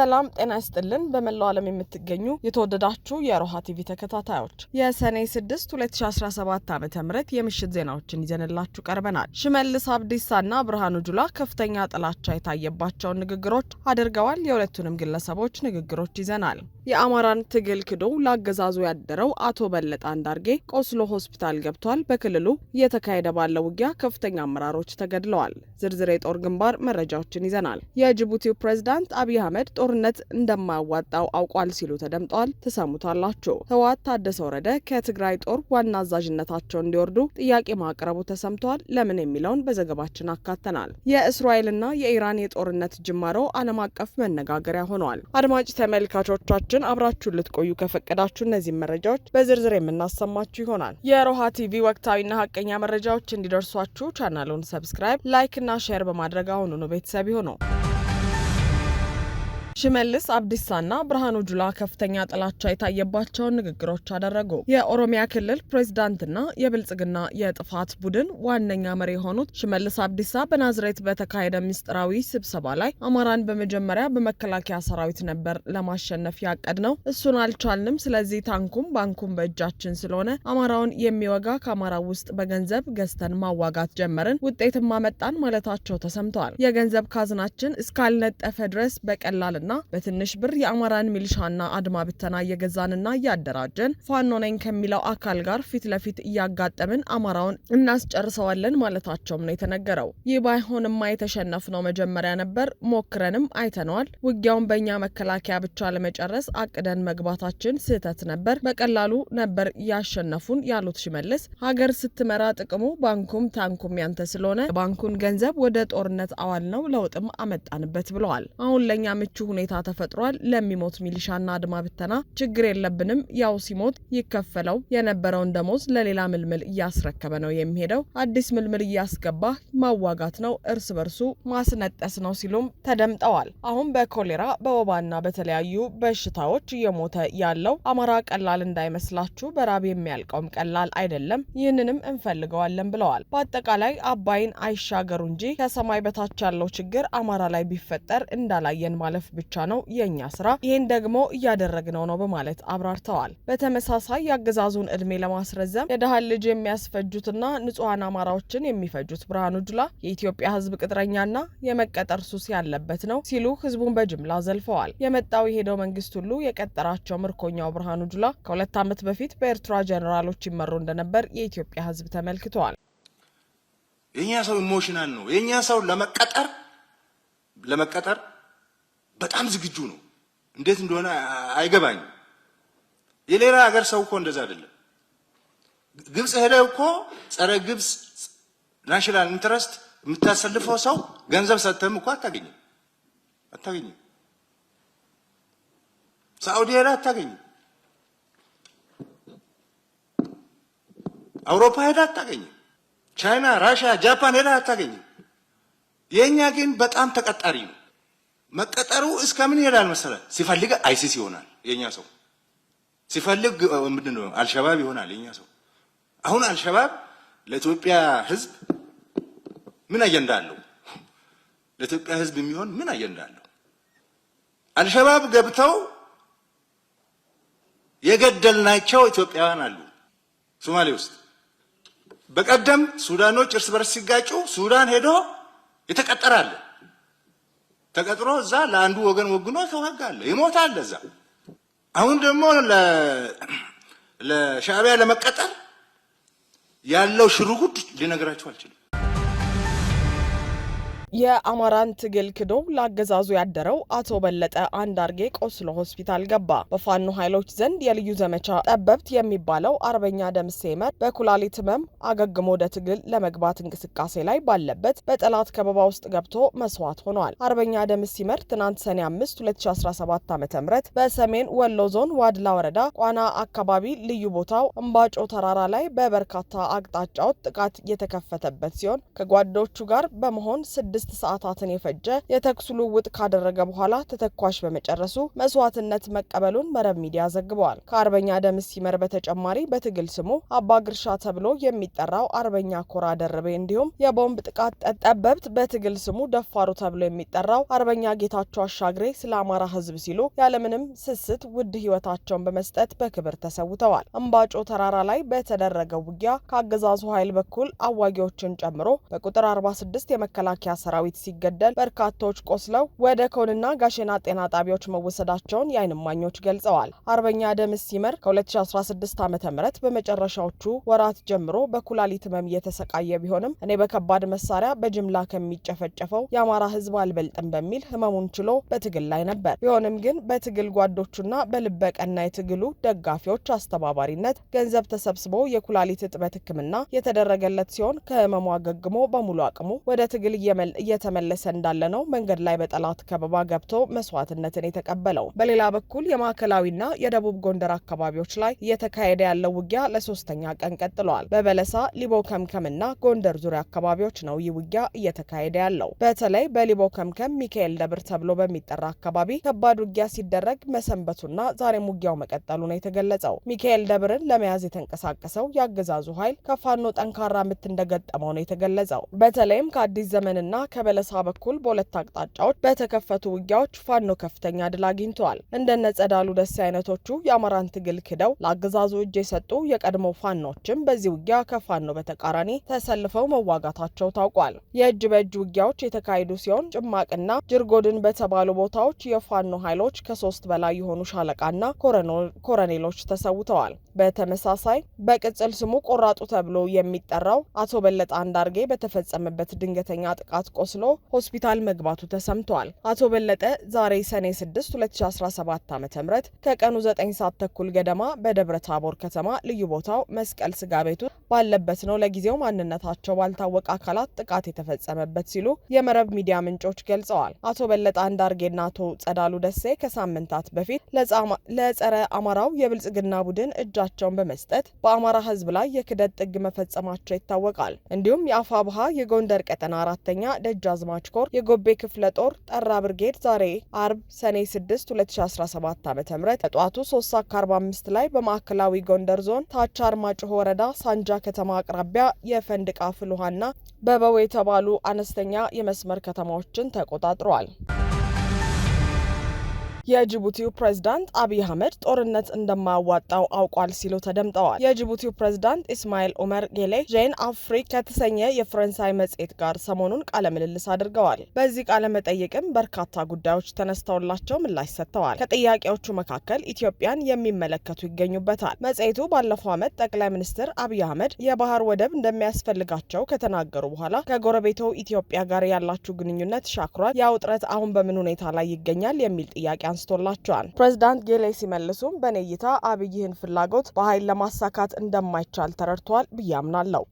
ሰላም ጤና ይስጥልን። በመላው ዓለም የምትገኙ የተወደዳችሁ የሮሃ ቲቪ ተከታታዮች የሰኔ 6 2017 ዓ ም የምሽት ዜናዎችን ይዘንላችሁ ቀርበናል። ሽመልስ አብዲሳና ብርሃኑ ጁላ ከፍተኛ ጥላቻ የታየባቸውን ንግግሮች አድርገዋል። የሁለቱንም ግለሰቦች ንግግሮች ይዘናል። የአማራን ትግል ክዶ ለአገዛዙ ያደረው አቶ በለጠ አንዳርጌ ቆስሎ ሆስፒታል ገብቷል። በክልሉ እየተካሄደ ባለው ውጊያ ከፍተኛ አመራሮች ተገድለዋል። ዝርዝር የጦር ግንባር መረጃዎችን ይዘናል። የጅቡቲው ፕሬዝዳንት አብይ አህመድ ጦርነት እንደማያዋጣው አውቋል ሲሉ ተደምጠዋል። ትሰሙታላችሁ። ህወሓት ታደሰ ወረደ ከትግራይ ጦር ዋና አዛዥነታቸው እንዲወርዱ ጥያቄ ማቅረቡ ተሰምተዋል። ለምን የሚለውን በዘገባችን አካተናል። የእስራኤልና የኢራን የጦርነት ጅማሮ ዓለም አቀፍ መነጋገሪያ ሆኗል። አድማጭ ተመልካቾቻችን ግን አብራችሁን ልትቆዩ ከፈቀዳችሁ እነዚህ መረጃዎች በዝርዝር የምናሰማችሁ ይሆናል። የሮሃ ቲቪ ወቅታዊና ሀቀኛ መረጃዎች እንዲደርሷችሁ ቻናሉን ሰብስክራይብ፣ ላይክ እና ሼር በማድረግ አሁኑኑ ቤተሰብ ይሁኑ። ሽመልስ አብዲሳና ብርሃኑ ጁላ ከፍተኛ ጥላቻ የታየባቸውን ንግግሮች አደረጉ። የኦሮሚያ ክልል ፕሬዚዳንትና የብልጽግና የጥፋት ቡድን ዋነኛ መሪ የሆኑት ሽመልስ አብዲሳ በናዝሬት በተካሄደ ምስጢራዊ ስብሰባ ላይ አማራን በመጀመሪያ በመከላከያ ሰራዊት ነበር ለማሸነፍ ያቀድ ነው፣ እሱን አልቻልንም። ስለዚህ ታንኩም ባንኩም በእጃችን ስለሆነ አማራውን የሚወጋ ከአማራ ውስጥ በገንዘብ ገዝተን ማዋጋት ጀመርን፣ ውጤትም አመጣን ማለታቸው ተሰምተዋል። የገንዘብ ካዝናችን እስካልነጠፈ ድረስ በቀላልና ና በትንሽ ብር የአማራን ሚሊሻና አድማ ብተና እየገዛንና እያደራጀን ፋኖ ነኝ ከሚለው አካል ጋር ፊት ለፊት እያጋጠምን አማራውን እናስጨርሰዋለን ማለታቸውም ነው የተነገረው። ይህ ባይሆንማ የተሸነፍነው መጀመሪያ ነበር፣ ሞክረንም አይተነዋል። ውጊያውን በእኛ መከላከያ ብቻ ለመጨረስ አቅደን መግባታችን ስህተት ነበር፣ በቀላሉ ነበር ያሸነፉን ያሉት ሽመልስ ሀገር ስትመራ ጥቅሙ ባንኩም ታንኩም ያንተ ስለሆነ ባንኩን ገንዘብ ወደ ጦርነት አዋል ነው ለውጥም አመጣንበት ብለዋል። አሁን ለእኛ ምቹ ሁኔታ ሁኔታ ተፈጥሯል። ለሚሞት ሚሊሻና አድማ ብተና ችግር የለብንም፣ ያው ሲሞት ይከፈለው የነበረውን ደሞዝ ለሌላ ምልምል እያስረከበ ነው የሚሄደው። አዲስ ምልምል እያስገባ ማዋጋት ነው፣ እርስ በርሱ ማስነጠስ ነው ሲሉም ተደምጠዋል። አሁን በኮሌራ በወባና በተለያዩ በሽታዎች እየሞተ ያለው አማራ ቀላል እንዳይመስላችሁ፣ በራብ የሚያልቀውም ቀላል አይደለም። ይህንንም እንፈልገዋለን ብለዋል። በአጠቃላይ አባይን አይሻገሩ እንጂ ከሰማይ በታች ያለው ችግር አማራ ላይ ቢፈጠር እንዳላየን ማለፍ ብቻ ነው የእኛ ስራ፣ ይህን ደግሞ እያደረግነው ነው በማለት አብራርተዋል። በተመሳሳይ የአገዛዙን እድሜ ለማስረዘም የድሃን ልጅ የሚያስፈጁትና ንጹሐን አማራዎችን የሚፈጁት ብርሃኑ ጁላ የኢትዮጵያ ህዝብ ቅጥረኛና የመቀጠር ሱስ ያለበት ነው ሲሉ ህዝቡን በጅምላ ዘልፈዋል። የመጣው የሄደው መንግስት ሁሉ የቀጠራቸው ምርኮኛው ብርሃኑ ጁላ ከሁለት ዓመት በፊት በኤርትራ ጀኔራሎች ይመሩ እንደነበር የኢትዮጵያ ህዝብ ተመልክተዋል። የእኛ ሰው ኢሞሽናል ነው። የእኛ ሰው ለመቀጠር ለመቀጠር በጣም ዝግጁ ነው። እንዴት እንደሆነ አይገባኝም። የሌላ ሀገር ሰው እኮ እንደዛ አይደለም። ግብፅ ሄደህ እኮ ጸረ ግብፅ ናሽናል ኢንትረስት የምታሰልፈው ሰው ገንዘብ ሰጥተህም እኮ አታገኝም አታገኝም። ሳዑዲ ሄደህ አታገኝም። አውሮፓ ሄደህ አታገኝም። ቻይና፣ ራሽያ፣ ጃፓን ሄደህ አታገኝም። የእኛ ግን በጣም ተቀጣሪ ነው። መቀጠሩ እስከ ምን ይሄዳል መሰለ? ሲፈልግ አይሲስ ይሆናል የኛ ሰው፣ ሲፈልግ ምንድን ነው አልሸባብ ይሆናል የኛ ሰው። አሁን አልሸባብ ለኢትዮጵያ ሕዝብ ምን አጀንዳ አለው? ለኢትዮጵያ ሕዝብ የሚሆን ምን አጀንዳ አለው? አልሸባብ ገብተው የገደልናቸው ኢትዮጵያውያን አሉ ሶማሌ ውስጥ። በቀደም ሱዳኖች እርስ በርስ ሲጋጩ ሱዳን ሄዶ የተቀጠራለ ተቀጥሮ እዛ ለአንዱ ወገን ወግኖ ተዋጋለ፣ ይሞታል እዛ። አሁን ደግሞ ለሻዕቢያ ለመቀጠር ያለው ሽሩጉድ ሊነግራችሁ አልችልም። የአማራን ትግል ክዶ ለአገዛዙ ያደረው አቶ በለጠ አንዳርጌ ቆስሎ ሆስፒታል ገባ። በፋኖ ኃይሎች ዘንድ የልዩ ዘመቻ ጠበብት የሚባለው አርበኛ ደምሴ መር በኩላሊት ህመም አገግሞ ወደ ትግል ለመግባት እንቅስቃሴ ላይ ባለበት በጠላት ከበባ ውስጥ ገብቶ መስዋዕት ሆኗል። አርበኛ ደምሴ መር ትናንት ሰኔ 5 2017 ዓ ም በሰሜን ወሎ ዞን ዋድላ ወረዳ ቋና አካባቢ ልዩ ቦታው እምባጮ ተራራ ላይ በበርካታ አቅጣጫዎች ጥቃት የተከፈተበት ሲሆን ከጓዶቹ ጋር በመሆን ስድስት ስድስት ሰዓታትን የፈጀ የተኩስ ልውውጥ ካደረገ በኋላ ተተኳሽ በመጨረሱ መስዋዕትነት መቀበሉን መረብ ሚዲያ ዘግበዋል። ከአርበኛ ደምስ ሲመር በተጨማሪ በትግል ስሙ አባ ግርሻ ተብሎ የሚጠራው አርበኛ ኮራ ደርቤ እንዲሁም የቦምብ ጥቃት ጠበብት በትግል ስሙ ደፋሩ ተብሎ የሚጠራው አርበኛ ጌታቸው አሻግሬ ስለ አማራ ሕዝብ ሲሉ ያለምንም ስስት ውድ ሕይወታቸውን በመስጠት በክብር ተሰውተዋል። እምባጮ ተራራ ላይ በተደረገው ውጊያ ከአገዛዙ ኃይል በኩል አዋጊዎችን ጨምሮ በቁጥር 46 የመከላከያ ሰራዊት ሲገደል በርካታዎች ቆስለው ወደ ኮንና ጋሼና ጤና ጣቢያዎች መወሰዳቸውን የዓይን እማኞች ገልጸዋል። አርበኛ ደምስ ሲመር ከ2016 ዓ ም በመጨረሻዎቹ ወራት ጀምሮ በኩላሊት ህመም እየተሰቃየ ቢሆንም እኔ በከባድ መሳሪያ በጅምላ ከሚጨፈጨፈው የአማራ ህዝብ አልበልጥም በሚል ህመሙን ችሎ በትግል ላይ ነበር። ቢሆንም ግን በትግል ጓዶቹና በልበቀና የትግሉ ደጋፊዎች አስተባባሪነት ገንዘብ ተሰብስቦ የኩላሊት እጥበት ህክምና የተደረገለት ሲሆን ከህመሙ አገግሞ በሙሉ አቅሙ ወደ ትግል እየተመለሰ እንዳለ ነው መንገድ ላይ በጠላት ከበባ ገብቶ መስዋዕትነትን የተቀበለው። በሌላ በኩል የማዕከላዊና የደቡብ ጎንደር አካባቢዎች ላይ እየተካሄደ ያለው ውጊያ ለሶስተኛ ቀን ቀጥሏል። በበለሳ ሊቦ ከምከምና ጎንደር ዙሪያ አካባቢዎች ነው ይህ ውጊያ እየተካሄደ ያለው። በተለይ በሊቦ ከምከም ሚካኤል ደብር ተብሎ በሚጠራ አካባቢ ከባድ ውጊያ ሲደረግ መሰንበቱና ዛሬም ውጊያው መቀጠሉ ነው የተገለጸው። ሚካኤል ደብርን ለመያዝ የተንቀሳቀሰው የአገዛዙ ኃይል ከፋኖ ጠንካራ ምት እንደገጠመው ነው የተገለጸው። በተለይም ከአዲስ ዘመንና ከበለሳ በኩል በሁለት አቅጣጫዎች በተከፈቱ ውጊያዎች ፋኖ ከፍተኛ ድል አግኝተዋል። እንደነ ጸዳሉ ደሴ አይነቶቹ የአማራን ትግል ክደው ለአገዛዙ እጅ የሰጡ የቀድሞ ፋኖችም በዚህ ውጊያ ከፋኖ በተቃራኒ ተሰልፈው መዋጋታቸው ታውቋል። የእጅ በእጅ ውጊያዎች የተካሄዱ ሲሆን ጭማቅና ጅርጎድን በተባሉ ቦታዎች የፋኖ ኃይሎች ከሶስት በላይ የሆኑ ሻለቃና ኮረኔሎች ተሰውተዋል። በተመሳሳይ በቅጽል ስሙ ቆራጡ ተብሎ የሚጠራው አቶ በለጠ አንዳርጌ በተፈጸመበት ድንገተኛ ጥቃት ቆስሎ ሆስፒታል መግባቱ ተሰምቷል። አቶ በለጠ ዛሬ ሰኔ 6 2017 ዓ ም ከቀኑ 9 ሰዓት ተኩል ገደማ በደብረ ታቦር ከተማ ልዩ ቦታው መስቀል ስጋ ቤቱ ባለበት ነው ለጊዜው ማንነታቸው ባልታወቀ አካላት ጥቃት የተፈጸመበት ሲሉ የመረብ ሚዲያ ምንጮች ገልጸዋል። አቶ በለጠ አንዳርጌና አቶ ጸዳሉ ደሴ ከሳምንታት በፊት ለጸረ አማራው የብልጽግና ቡድን እጃቸውን በመስጠት በአማራ ህዝብ ላይ የክደት ጥግ መፈጸማቸው ይታወቃል። እንዲሁም የአፋ ብሃ የጎንደር ቀጠና አራተኛ ደጃዝማች ኮር የጎቤ ክፍለ ጦር ጠራ ብርጌድ ዛሬ አርብ ሰኔ 6 2017 ዓ ም ከጠዋቱ 3 ሰዓት 45 ላይ በማዕከላዊ ጎንደር ዞን ታች አርማጭሆ ወረዳ ሳንጃ ከተማ አቅራቢያ የፈንድቃ ፍል ውሃና በበው የተባሉ አነስተኛ የመስመር ከተማዎችን ተቆጣጥሯል። የጅቡቲው ፕሬዝዳንት አብይ አህመድ ጦርነት እንደማያዋጣው አውቋል ሲሉ ተደምጠዋል። የጅቡቲው ፕሬዝዳንት ኢስማኤል ኡመር ጌሌ ጄን አፍሪክ ከተሰኘ የፈረንሳይ መጽሔት ጋር ሰሞኑን ቃለ ምልልስ አድርገዋል። በዚህ ቃለ መጠይቅም በርካታ ጉዳዮች ተነስተውላቸው ምላሽ ሰጥተዋል። ከጥያቄዎቹ መካከል ኢትዮጵያን የሚመለከቱ ይገኙበታል። መጽሔቱ ባለፈው ዓመት ጠቅላይ ሚኒስትር አብይ አህመድ የባህር ወደብ እንደሚያስፈልጋቸው ከተናገሩ በኋላ ከጎረቤቱ ኢትዮጵያ ጋር ያላችሁ ግንኙነት ሻክሯል፣ ያ ውጥረት አሁን በምን ሁኔታ ላይ ይገኛል የሚል ጥያቄ አንስቶላቸዋል። ፕሬዚዳንት ጌሌ ሲመልሱም በእኔ እይታ አብይ ይህን ፍላጎት በኃይል ለማሳካት እንደማይቻል ተረድቷል ብዬ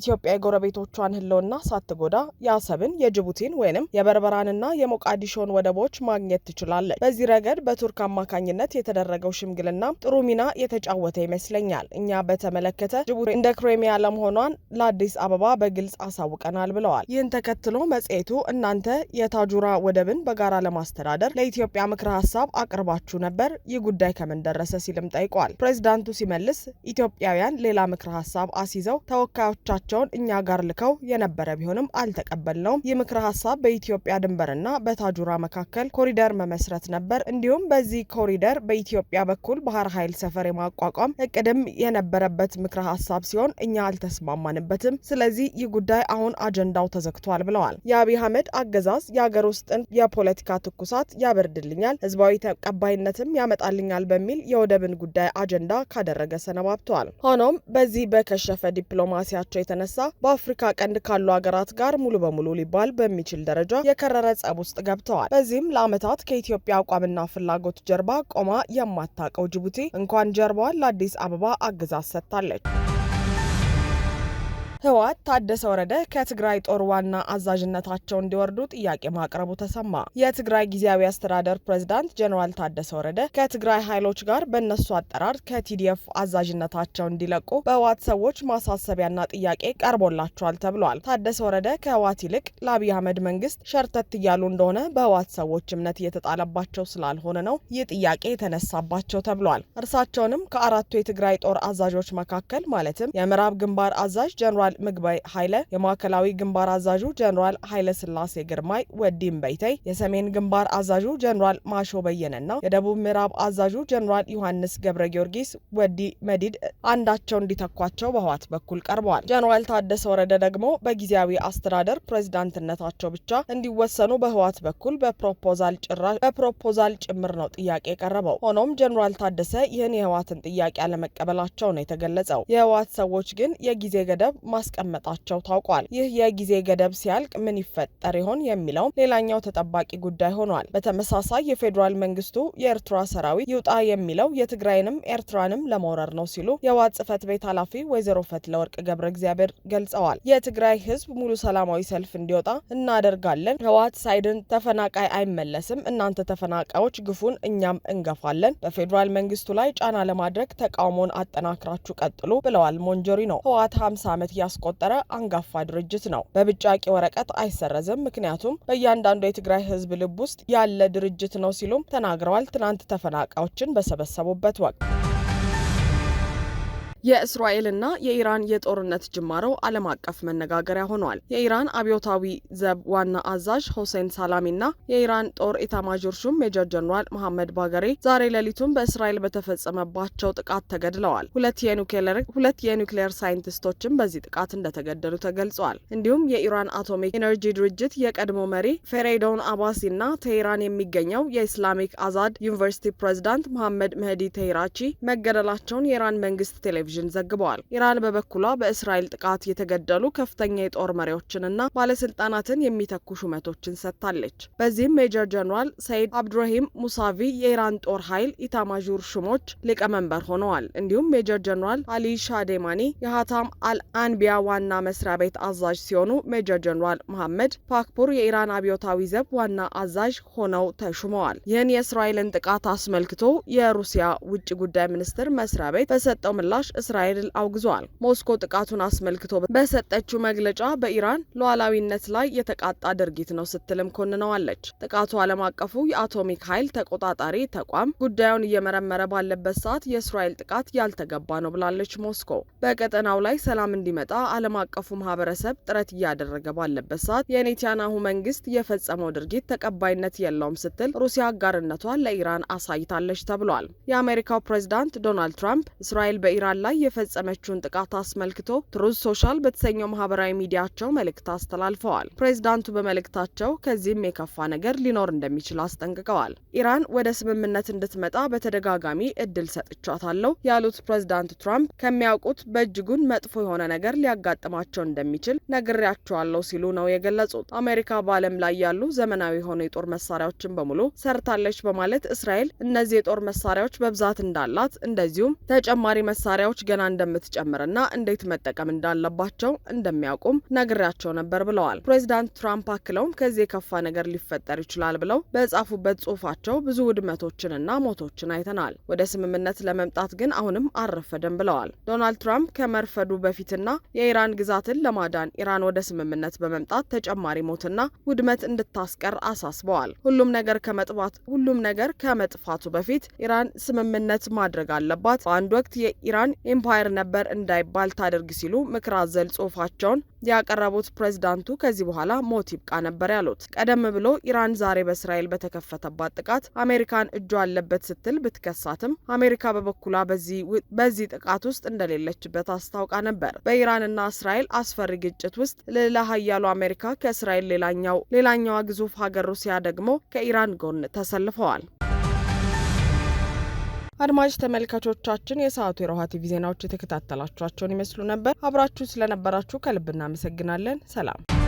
ኢትዮጵያ የጎረቤቶቿን ህልውና ሳትጎዳ የአሰብን፣ የጅቡቲን ወይንም የበርበራንና የሞቃዲሾን ወደቦች ማግኘት ትችላለች። በዚህ ረገድ በቱርክ አማካኝነት የተደረገው ሽምግልና ጥሩ ሚና የተጫወተ ይመስለኛል። እኛ በተመለከተ ጅቡቲ እንደ ክሬሚያ ለመሆኗን ለአዲስ አበባ በግልጽ አሳውቀናል ብለዋል። ይህን ተከትሎ መጽሔቱ እናንተ የታጁራ ወደብን በጋራ ለማስተዳደር ለኢትዮጵያ ምክረ ሀሳብ አቅርባችሁ ነበር፣ ይህ ጉዳይ ከምን ደረሰ ሲልም ጠይቋል። ፕሬዚዳንቱ ሲመልስ ኢትዮጵያውያን ሌላ ምክረ ሀሳብ አስይዘው ተወካዮቻቸውን እኛ ጋር ልከው የነበረ ቢሆንም አልተቀበልነውም። ይህ ምክረ ሀሳብ በኢትዮጵያ ድንበርና በታጁራ መካከል ኮሪደር መመስረት ነበር። እንዲሁም በዚህ ኮሪደር በኢትዮጵያ በኩል ባህር ኃይል ሰፈር የማቋቋም እቅድም የነበረበት ምክረ ሀሳብ ሲሆን እኛ አልተስማማንበትም። ስለዚህ ይህ ጉዳይ አሁን አጀንዳው ተዘግቷል ብለዋል። የአብይ አህመድ አገዛዝ የአገር ውስጥን የፖለቲካ ትኩሳት ያበርድልኛል፣ ህዝባዊ ተቀባይነትም ያመጣልኛል በሚል የወደብን ጉዳይ አጀንዳ ካደረገ ሰነባብተዋል። ሆኖም በዚህ በከሸፈ ዲፕሎማሲያቸው የተነሳ በአፍሪካ ቀንድ ካሉ ሀገራት ጋር ሙሉ በሙሉ ሊባል በሚችል ደረጃ የከረረ ጸብ ውስጥ ገብተዋል። በዚህም ለዓመታት ከኢትዮጵያ አቋምና ፍላጎት ጀርባ ቆማ የማታውቀው ጅቡቲ እንኳን ጀርባዋን ለአዲስ አበባ አግዛዝ ሰጥታለች። ህወሓት ታደሰ ወረደ ከትግራይ ጦር ዋና አዛዥነታቸው እንዲወርዱ ጥያቄ ማቅረቡ ተሰማ። የትግራይ ጊዜያዊ አስተዳደር ፕሬዝዳንት ጀኔራል ታደሰ ወረደ ከትግራይ ኃይሎች ጋር በእነሱ አጠራር ከቲዲኤፍ አዛዥነታቸው እንዲለቁ በህወሓት ሰዎች ማሳሰቢያና ጥያቄ ቀርቦላቸዋል ተብሏል። ታደሰ ወረደ ከህወሓት ይልቅ ለአብይ አህመድ መንግስት ሸርተት እያሉ እንደሆነ በህወሓት ሰዎች እምነት እየተጣለባቸው ስላልሆነ ነው ይህ ጥያቄ የተነሳባቸው ተብሏል። እርሳቸውንም ከአራቱ የትግራይ ጦር አዛዦች መካከል ማለትም የምዕራብ ግንባር አዛዥ ጀኔራል ጀኔራል ምግባይ ኃይለ፣ የማዕከላዊ ግንባር አዛዡ ጀኔራል ኃይለ ስላሴ ግርማይ ወዲም በይተይ፣ የሰሜን ግንባር አዛዡ ጀኔራል ማሾ በየነና የደቡብ ምዕራብ አዛዡ ጀኔራል ዮሐንስ ገብረ ጊዮርጊስ ወዲ መዲድ አንዳቸው እንዲተኳቸው በህዋት በኩል ቀርበዋል። ጀኔራል ታደሰ ወረደ ደግሞ በጊዜያዊ አስተዳደር ፕሬዚዳንትነታቸው ብቻ እንዲወሰኑ በህዋት በኩል በፕሮፖዛል ጭራሽ በፕሮፖዛል ጭምር ነው ጥያቄ የቀረበው። ሆኖም ጀኔራል ታደሰ ይህን የህዋትን ጥያቄ አለመቀበላቸው ነው የተገለጸው። የህዋት ሰዎች ግን የጊዜ ገደብ ማ ማስቀመጣቸው ታውቋል። ይህ የጊዜ ገደብ ሲያልቅ ምን ይፈጠር ይሆን የሚለው ሌላኛው ተጠባቂ ጉዳይ ሆኗል። በተመሳሳይ የፌዴራል መንግስቱ የኤርትራ ሰራዊት ይውጣ የሚለው የትግራይንም ኤርትራንም ለመውረር ነው ሲሉ የህወሓት ጽህፈት ቤት ኃላፊ ወይዘሮ ፈትለወርቅ ገብረ እግዚአብሔር ገልጸዋል። የትግራይ ህዝብ ሙሉ ሰላማዊ ሰልፍ እንዲወጣ እናደርጋለን። ህወሓት ሳይድን ተፈናቃይ አይመለስም። እናንተ ተፈናቃዮች ግፉን እኛም እንገፋለን። በፌዴራል መንግስቱ ላይ ጫና ለማድረግ ተቃውሞን አጠናክራችሁ ቀጥሉ ብለዋል ሞንጆሪ ነው። ህወሓት 50 ዓመት ያስቆጠረ አንጋፋ ድርጅት ነው። በብጫቂ ወረቀት አይሰረዝም፣ ምክንያቱም በእያንዳንዱ የትግራይ ህዝብ ልብ ውስጥ ያለ ድርጅት ነው ሲሉም ተናግረዋል። ትናንት ተፈናቃዮችን በሰበሰቡበት ወቅት የእስራኤልና የኢራን የጦርነት ጅማሮ ዓለም አቀፍ መነጋገሪያ ሆኗል። የኢራን አብዮታዊ ዘብ ዋና አዛዥ ሆሴን ሳላሚና የኢራን ጦር ኢታማዦር ሹም ሜጀር ጀኔራል መሐመድ ባገሬ ዛሬ ሌሊቱን በእስራኤል በተፈጸመባቸው ጥቃት ተገድለዋል። ሁለት የኒውክሌር ሳይንቲስቶችም በዚህ ጥቃት እንደተገደሉ ተገልጿል። እንዲሁም የኢራን አቶሚክ ኤነርጂ ድርጅት የቀድሞ መሪ ፌሬዶን አባሲና ቴሄራን የሚገኘው የኢስላሚክ አዛድ ዩኒቨርሲቲ ፕሬዚዳንት መሐመድ መህዲ ቴሄራቺ መገደላቸውን የኢራን መንግስት ቴሌቪዥን ቴሌቪዥን ዘግበዋል። ኢራን በበኩሏ በእስራኤል ጥቃት የተገደሉ ከፍተኛ የጦር መሪዎችንና ባለስልጣናትን የሚተኩ ሹመቶችን ሰጥታለች። በዚህም ሜጀር ጀኔራል ሰይድ አብዱራሂም ሙሳቪ የኢራን ጦር ኃይል ኢታማዦር ሹሞች ሊቀመንበር ሆነዋል። እንዲሁም ሜጀር ጀኔራል አሊ ሻዴማኒ የሀታም አልአንቢያ ዋና መስሪያ ቤት አዛዥ ሲሆኑ ሜጀር ጀኔራል መሐመድ ፓክፑር የኢራን አብዮታዊ ዘብ ዋና አዛዥ ሆነው ተሹመዋል። ይህን የእስራኤልን ጥቃት አስመልክቶ የሩሲያ ውጭ ጉዳይ ሚኒስቴር መስሪያ ቤት በሰጠው ምላሽ እስራኤል አውግዟል። ሞስኮ ጥቃቱን አስመልክቶ በሰጠችው መግለጫ በኢራን ሉዓላዊነት ላይ የተቃጣ ድርጊት ነው ስትልም ኮንነዋለች። ጥቃቱ ዓለም አቀፉ የአቶሚክ ኃይል ተቆጣጣሪ ተቋም ጉዳዩን እየመረመረ ባለበት ሰዓት የእስራኤል ጥቃት ያልተገባ ነው ብላለች። ሞስኮ በቀጠናው ላይ ሰላም እንዲመጣ ዓለም አቀፉ ማህበረሰብ ጥረት እያደረገ ባለበት ሰዓት የኔታንያሁ መንግስት የፈጸመው ድርጊት ተቀባይነት የለውም ስትል ሩሲያ አጋርነቷን ለኢራን አሳይታለች ተብሏል። የአሜሪካው ፕሬዚዳንት ዶናልድ ትራምፕ እስራኤል በኢራን ላይ ላይ የፈጸመችውን ጥቃት አስመልክቶ ትሩዝ ሶሻል በተሰኘው ማህበራዊ ሚዲያቸው መልእክት አስተላልፈዋል። ፕሬዚዳንቱ በመልእክታቸው ከዚህም የከፋ ነገር ሊኖር እንደሚችል አስጠንቅቀዋል። ኢራን ወደ ስምምነት እንድትመጣ በተደጋጋሚ እድል ሰጥቻታለሁ ያሉት ፕሬዝዳንት ትራምፕ ከሚያውቁት በእጅጉን መጥፎ የሆነ ነገር ሊያጋጥማቸው እንደሚችል ነግሬያቸዋለሁ ሲሉ ነው የገለጹት። አሜሪካ በዓለም ላይ ያሉ ዘመናዊ የሆኑ የጦር መሳሪያዎችን በሙሉ ሰርታለች በማለት እስራኤል እነዚህ የጦር መሳሪያዎች በብዛት እንዳላት እንደዚሁም ተጨማሪ መሳሪያዎች ሰዎች ገና እንደምትጨምርና እንዴት መጠቀም እንዳለባቸው እንደሚያውቁም ነግሬያቸው ነበር ብለዋል። ፕሬዚዳንት ትራምፕ አክለውም ከዚህ የከፋ ነገር ሊፈጠር ይችላል ብለው በጻፉበት ጽሁፋቸው ብዙ ውድመቶችንና ሞቶችን አይተናል። ወደ ስምምነት ለመምጣት ግን አሁንም አልረፈደም ብለዋል። ዶናልድ ትራምፕ ከመርፈዱ በፊትና የኢራን ግዛትን ለማዳን ኢራን ወደ ስምምነት በመምጣት ተጨማሪ ሞትና ውድመት እንድታስቀር አሳስበዋል። ሁሉም ነገር ከመጥፋት ሁሉም ነገር ከመጥፋቱ በፊት ኢራን ስምምነት ማድረግ አለባት። በአንድ ወቅት የኢራን ኢምፓየር ነበር እንዳይባል ታደርግ ሲሉ ምክር አዘል ጽሁፋቸውን ያቀረቡት ፕሬዝዳንቱ ከዚህ በኋላ ሞት ይብቃ ነበር ያሉት። ቀደም ብሎ ኢራን ዛሬ በእስራኤል በተከፈተባት ጥቃት አሜሪካን እጇ አለበት ስትል ብትከሳትም አሜሪካ በበኩሏ በዚህ ጥቃት ውስጥ እንደሌለችበት አስታውቃ ነበር። በኢራንና እስራኤል አስፈሪ ግጭት ውስጥ ልዕለ ሀያሉ አሜሪካ ከእስራኤል ሌላኛው ሌላኛዋ ግዙፍ ሀገር ሩሲያ ደግሞ ከኢራን ጎን ተሰልፈዋል። አድማጭ ተመልካቾቻችን የሰዓቱ የሮሃ ቲቪ ዜናዎች የተከታተላችኋቸውን ይመስሉ ነበር። አብራችሁ ስለነበራችሁ ከልብ እናመሰግናለን። ሰላም